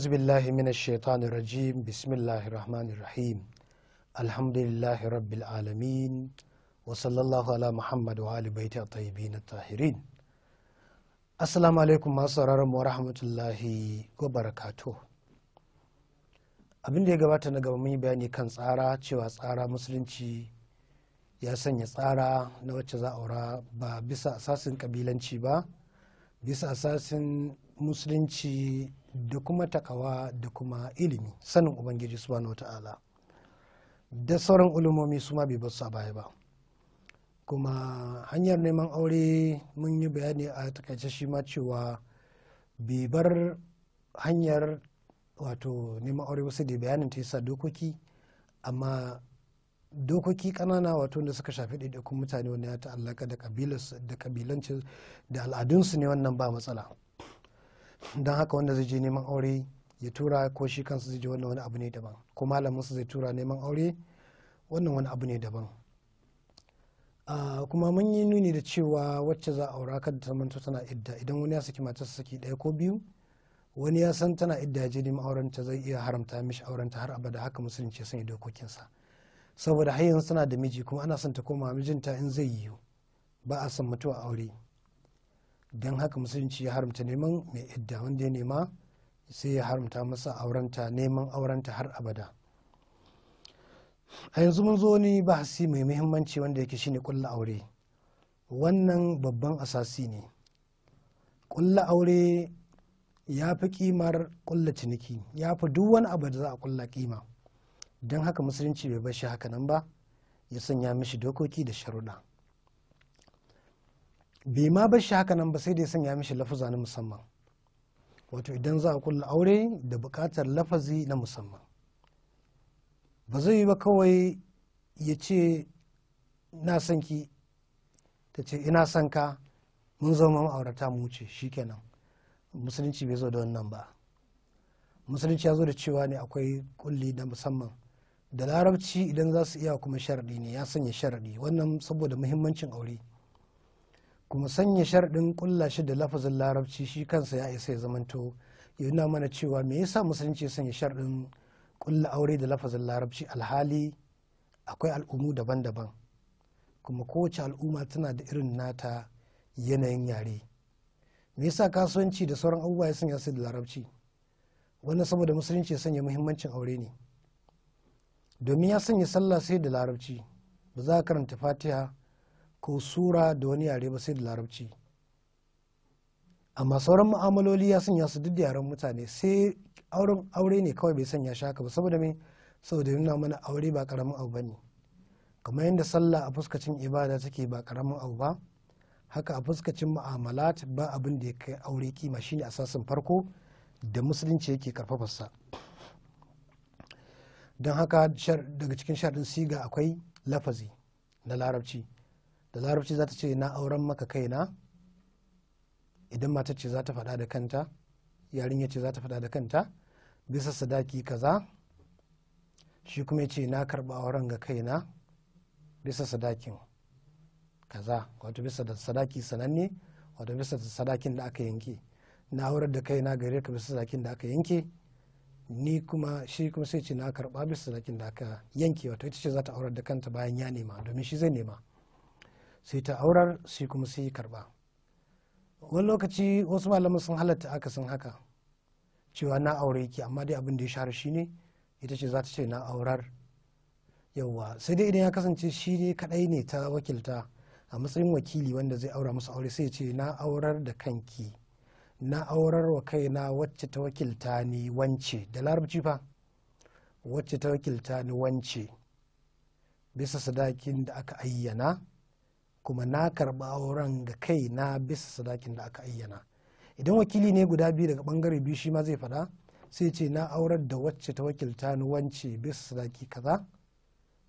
أعوذ بالله من الشيطان الرجيم بسم الله الرحمن الرحيم الحمد لله رب العالمين وصلى الله على محمد وآل بيت الطيبين الطاهرين السلام عليكم أسرار ورحمة الله وبركاته abin da ya gabata na gaba mun yi bayani kan tsara cewa tsara musulunci ya sanya tsara na wacce za aura ba bisa asasin kabilanci ba bisa asasin musulunci da kuma takawa da kuma ilimi sanin ubangiji subhanahu wata'ala da sauran ulumomi su ma bai basu a baya ba kuma hanyar neman aure mun yi bayani a takaice shi ma cewa bai bar hanyar wato neman aure wasu da bayanin ta yasa dokoki amma dokoki kanana wato da suka shafi ɗaiɗaikun mutane wanda ya ta'allaka da kabilansu da al'adunsu ne wannan ba matsala don haka wanda zai je neman aure ya tura ko shi kansu zai je wannan wani abu ne daban ko malamin su zai tura neman aure wannan wani abu ne daban ah, kuma mun yi nuni da cewa wacce za a aura kan ta manta tana idda idan wani ya saki matarsa saki ɗaya ko biyu wani ya san tana idda je neman auren ta zai iya haramta mishi aurenta har abada haka musulunci ya dokokin dokokinsa saboda har yanzu tana da miji kuma ana son ta koma mijinta in zai yiwu ba a son mutuwa aure don haka musulunci ya haramta neman mai idda wanda ya nema sai ya haramta masa aurenta neman aurenta har abada a yanzu mun zo ni bahasi mai muhimmanci wanda yake shine kulla aure wannan babban asasi ne kulla aure ya fi kimar kulla ciniki ya fi duk wani abu da za a kulla kima don haka musulunci bai bar shi hakanan ba ya sanya mishi dokoki da sharuɗa bai ma bar shi haka nan ba sai da ya sanya mishi lafaza na musamman wato idan za a kulla aure da bukatar lafazi na musamman ba zai yi ba kawai ya ce na son ta ce ina son ka mun zama ma'aurata mu wuce shi kenan musulunci bai zo da wannan ba musulunci ya zo da cewa ne akwai kulli na musamman da larabci idan za su iya kuma sharaɗi ne ya sanya sharaɗi wannan saboda muhimmancin aure kuma sanya sharɗin ƙulla shi da lafazin larabci shi kansa ya isa ya zamanto ya nuna mana cewa me yasa musulunci ya sanya sharɗin ƙulla aure da lafazin larabci alhali akwai al'ummu daban-daban kuma kowace al'umma tana da irin nata yanayin yare me yasa kasuwanci da sauran abubuwa ya sanya su da larabci wannan saboda musulunci ya sanya muhimmancin aure ne domin ya sanya sallah sai da larabci ba za a karanta fatiha ko sura da wani yare ba sai da larabci amma sauran ma'amaloli ya sanya su duk da yaren mutane sai auren aure ne kawai bai sanya shi haka ba saboda me saboda nuna mana aure ba karamin abu bane kamar yadda sallah a fuskacin ibada take ba karamin abu ba haka a fuskacin mu'amalat ba abin da ya kai aure kima shine asasin farko da musulunci yake karfafarsa don haka daga cikin sharɗin siga akwai lafazi na larabci da larabci za ta ce na auren maka kaina idan matar ce za ta faɗa da kanta yarinya ce za ta faɗa da kanta bisa sadaki kaza shi kuma ce na karɓa auren ga kaina bisa sadakin kaza wato bisa da sadaki sananne wato bisa da sadakin da aka yanke na aurar da kaina gare ka bisa sadakin da aka yanke ni kuma shi kuma sai ce na karɓa bisa sadakin da aka yanke wato ita ce za ta aurar da kanta bayan ya nema domin shi zai nema sai ta aurar sai kuma sai yi karba wani lokaci wasu malaman sun halatta sun haka cewa na aure ki amma dai abin da ya share shi ne ita ce za ta ce na aurar yauwa sai dai idan ya kasance shi ne kadai ne ta wakilta a matsayin wakili wanda zai aura musu aure sai ce na aurar da kanki na aurar wa kaina wacce ta wakilta ni wance da larabci fa wacce ta wakilta ni wance bisa sadakin da aka ayyana kuma na karba auren ga kai na bisa sadakin da aka ayyana idan wakili ne guda biyu daga bangare biyu shi ma zai faɗa sai ce na aurar da wacce ta wakilta ni wance bisa sadaki kaza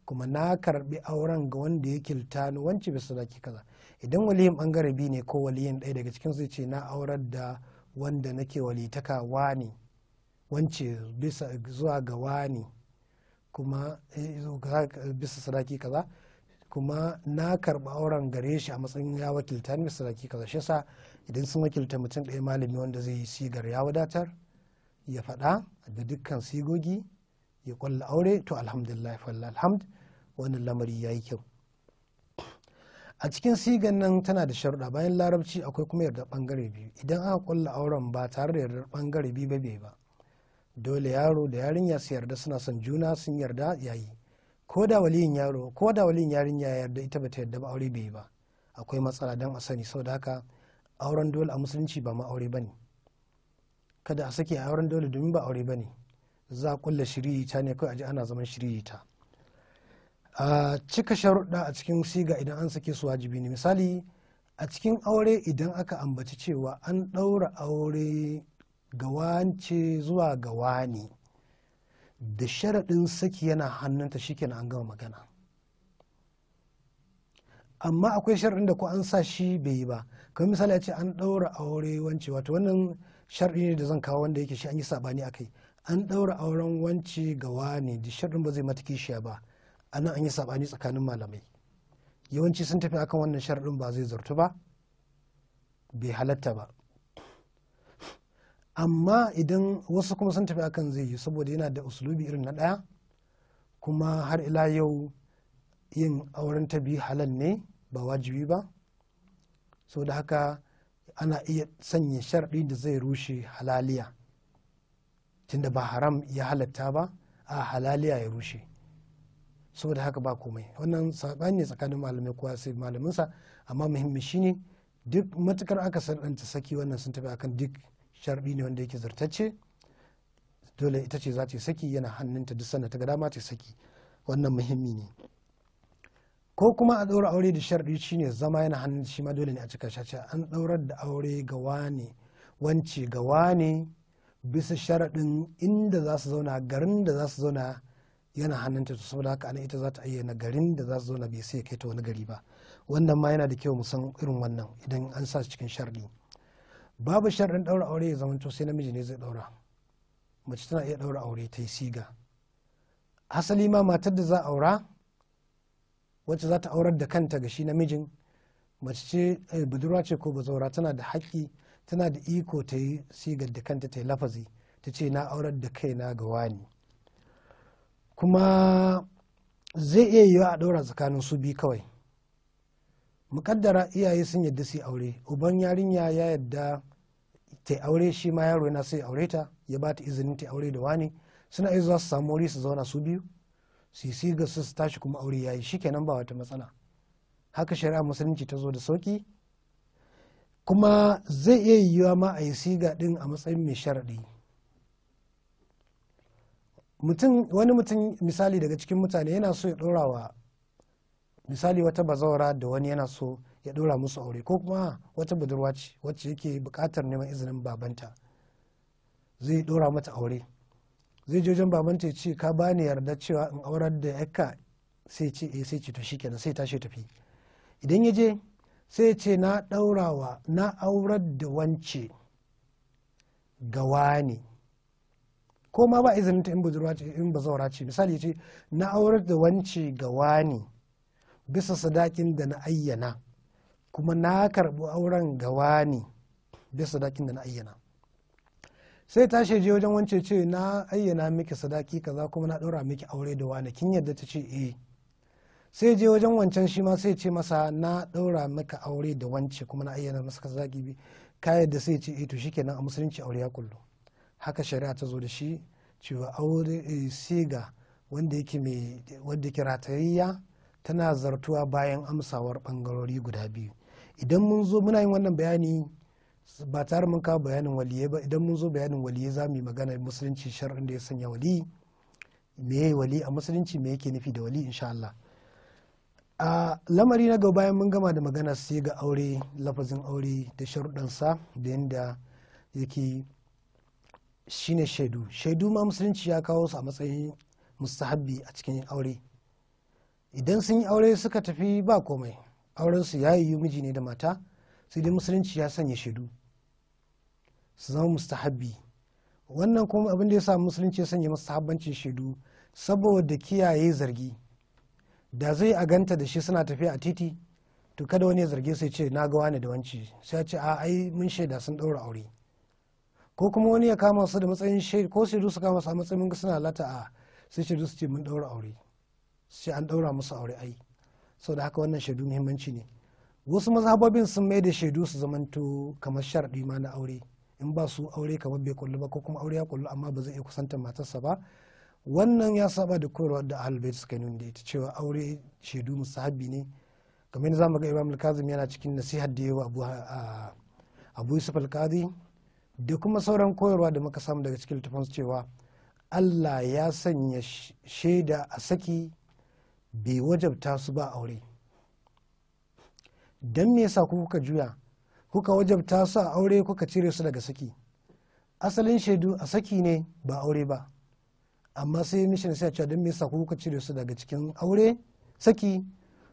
kuma na karbi auren ga wanda ya kilta ni wance bisa sadaki kaza idan waliyin bangare biyu ne ko waliyin ɗaya daga cikin sai ce na aurar da wanda nake walitaka wani wance bisa zuwa ga wani kuma eh, bisa sadaki kaza kuma na karba auren gare shi a matsayin ya wakilta ni su kasashen kaza shesa idan sun wakilta mutum ɗaya malami wanda zai yi sigar ya wadatar ya faɗa da dukkan sigogi ya kwalla aure to alhamdulillah falla alhamd wannan lamari ya yi kyau a cikin sigan nan tana da sharuɗa bayan larabci akwai kuma yarda ɓangare biyu idan aka kwalla auren ba tare da yardar ɓangare biyu ba bai ba dole yaro da yarinya su yarda suna son juna sun yarda yayi ko da waliyin yaro ko da waliyin yarinya ya yarda ita bata yarda ba aure bai ba akwai matsala don a sani saboda haka auren dole a musulunci ba ma aure bane kada a sake auren dole domin ba aure bane za a kulla shiriyita ne kawai a ji ana zaman shiriyita a cika sharuɗa a cikin siga idan an sake su wajibi ne misali a cikin aure idan aka ambaci cewa an ɗaura aure ga zuwa ga wani da sharaɗin saki yana hannunta shikenan an gama magana amma akwai sharaɗin da ko an sa shi bai yi ba kamar misali ce an ɗaura aure wance wato wannan sharaɗi ne da zan kawo wanda yake shi an yi sabani akai an ɗaura auren wance ga wani da sharaɗin ba zai mata kishiya ba a nan an yi saɓani tsakanin malamai yawanci sun tafi akan wannan sharaɗin ba zai zartu ba bai halatta ba amma idan wasu kuma sun tafi akan zai yi saboda yana da usulubi irin na ɗaya kuma har ila yau yin auren ta biyu halal ne ba wajibi ba sau da haka ana iya sanya sharɗi da zai rushe halaliya tunda ba haram ya halatta ba a halaliya ya rushe saboda haka ba komai wannan saɓani ne tsakanin malamai kowa sai malaminsa amma muhimmi ne duk matukar aka sarɗanta saki wannan sun tafi akan duk sharɗi ne wanda yake zartacce dole ita ce za ta saki yana hannunta duk sanda ta ga dama ta saki wannan muhimmi ne ko kuma a ɗaura aure da sharɗi ne zama yana hannun shi ma dole ne a cika shace an ɗaurar da aure ga wane wance ga wane bisa sharaɗin inda za su zauna garin da za su zauna yana hannunta to saboda haka ana ita za ta ayyana garin da za su zauna bai sai kai ta wani gari ba wannan ma yana da kyau mu san irin wannan idan an sa cikin sharɗi babu sharɗin ɗaura aure ya zama sai namiji ne zai ɗaura mace tana iya ɗaura aure ta yi siga asali ma matar da za a aura wacce za ta aurar da kanta ga shi namijin mace ce eh, budurwa ce ko bazaura tana da haƙƙi tana da iko ta yi sigar da kanta ta yi lafazi ta ce na aurar da kaina ga wani kuma zai iya yiwa a ɗaura tsakanin su biyu kawai mukaddara iyaye sun yadda su aure uban yarinya ya yadda ta aure shi ma yaro yana so ya aure ta ya ba ta izinin ta aure da wani suna iya za su samu wuri su zauna su biyu su yi siga su su tashi kuma aure yayi kenan ba wata matsala haka shari'a musulunci ta zo da sauki kuma zai iya yiwuwa ma a yi siga din a matsayin mai sharaɗi wani mutum misali daga cikin mutane yana so ya ɗora wa misali wata bazawara da wani yana so ya ɗora musu aure ko kuma wata budurwa ce wacce yake buƙatar neman izinin babanta zai ɗora mata aure zai je wajen babanta ya ce ka bani yarda cewa in aurar da yakka sai ce eh sai ce to shikenan sai tashi tafi idan ya je sai ya ce na ɗaurawa na aurar da wance gawa ne ko ma ba izinin ta in budurwa in bazawara ce misali ya ce na aurar da wance gawa ne bisa sadakin da na ayyana kuma na karbi auren gawa ne bisa sadakin da na ayyana sai ta je wajen wance ce na ayyana miki sadaki kaza kuma na ɗora miki aure da wani kin yadda ta ce eh sai je wajen wancan shi ma sai ce masa na ɗora maka aure da wance kuma na ayyana masa sadaki bi ka yadda sai ce eh to shikenan a musulunci aure ya kullu haka shari'a ta zo da shi cewa aure eh, siga wanda yake mai wanda yake ratayayya tana zartuwa bayan amsawar bangarori guda biyu idan mun zo muna yin wannan bayani ba tare mun kawo bayanin waliye ba idan mun zo bayanin waliye za mu yi magana musulunci shar'in da ya sanya wali me wali a musulunci me yake nufi da wali insha Allah a lamari na gaba bayan mun gama da magana sai ga aure lafazin aure da sa da yadda yake shine shaidu shaidu ma musulunci ya kawo su a matsayin mustahabbi a cikin aure idan sun yi aure suka tafi ba komai aurensu ya yi miji ne da mata sai dai musulunci ya sanya shaidu su zama mustahabbi wannan kuma abin da ya sa musulunci ya sanya mustahabbancin shaidu saboda kiyaye zargi da zai a ganta da shi suna tafiya a titi to kada wani ya zarge sai ce na ga wani da wanci sai ya ce a ai mun shaida sun ɗaura aure ko kuma wani ya kama su da matsayin shaidu ko shaidu su kama su a matsayin suna lata a sai shaidu su ce mun ɗaura aure sai an ɗaura musu aure ai sau da haka wannan shaidu muhimmanci ne wasu mazhabobin sun mai da shaidu su zamanto kamar sharɗi ma na aure in ba su aure kamar bai kullu ba ko kuma aure ya kullu amma ba zai iya kusantar matarsa ba wannan ya saba da koyarwa da ahlul suka nuna da ita cewa aure shaidu musahabi ne kamar yadda zamu ga imam al-kazim yana cikin nasihar da yawa abu abu yusuf al da kuma sauran koyarwa da muka samu daga cikin littafansu cewa Allah ya sanya shaida a saki bai wajabta su ba aure don me yasa ku kuka juya kuka wajabta su a aure kuka cire su daga saki asalin shaidu a saki ne ba aure ba amma sai mishin sai cewa don me yasa kuka cire su daga cikin aure saki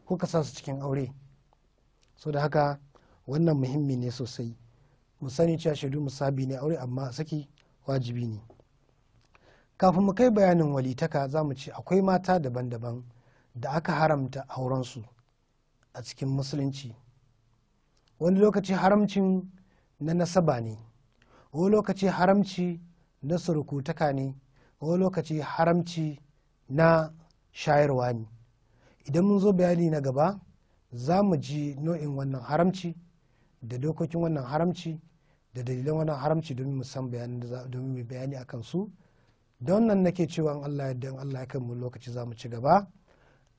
kuka sa su cikin aure so da haka wannan muhimmi ne sosai mu sani cewa shaidu musabi ne aure amma saki wajibi ne kafin mu kai bayanin walitaka za mu ce akwai mata daban-daban da aka haramta aurensu a cikin musulunci wani lokaci haramcin na nasaba ne wani lokaci haramci na surukutaka ne wani lokaci haramci na shayarwa ne idan mun zo bayani na gaba za mu ji nau'in wannan haramci da dokokin wannan haramci da dalilan wannan haramci domin mu san domin bayani akan su don nan nake cewa Allah ya Allah ya kai mu lokaci za mu ci gaba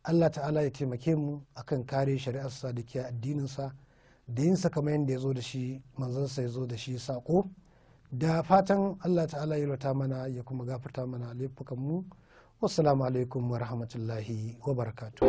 Allah ta'ala ya taimake mu kan kare shari'ar sadikiya addinin sa da yin kamar yadda ya zo da shi manzansa ya zo da shi sako da fatan Allah ta'ala ya rata mana ya kuma gafarta mana laifukan mu wassalamu alaikum wa rahmatullahi wa barakatuh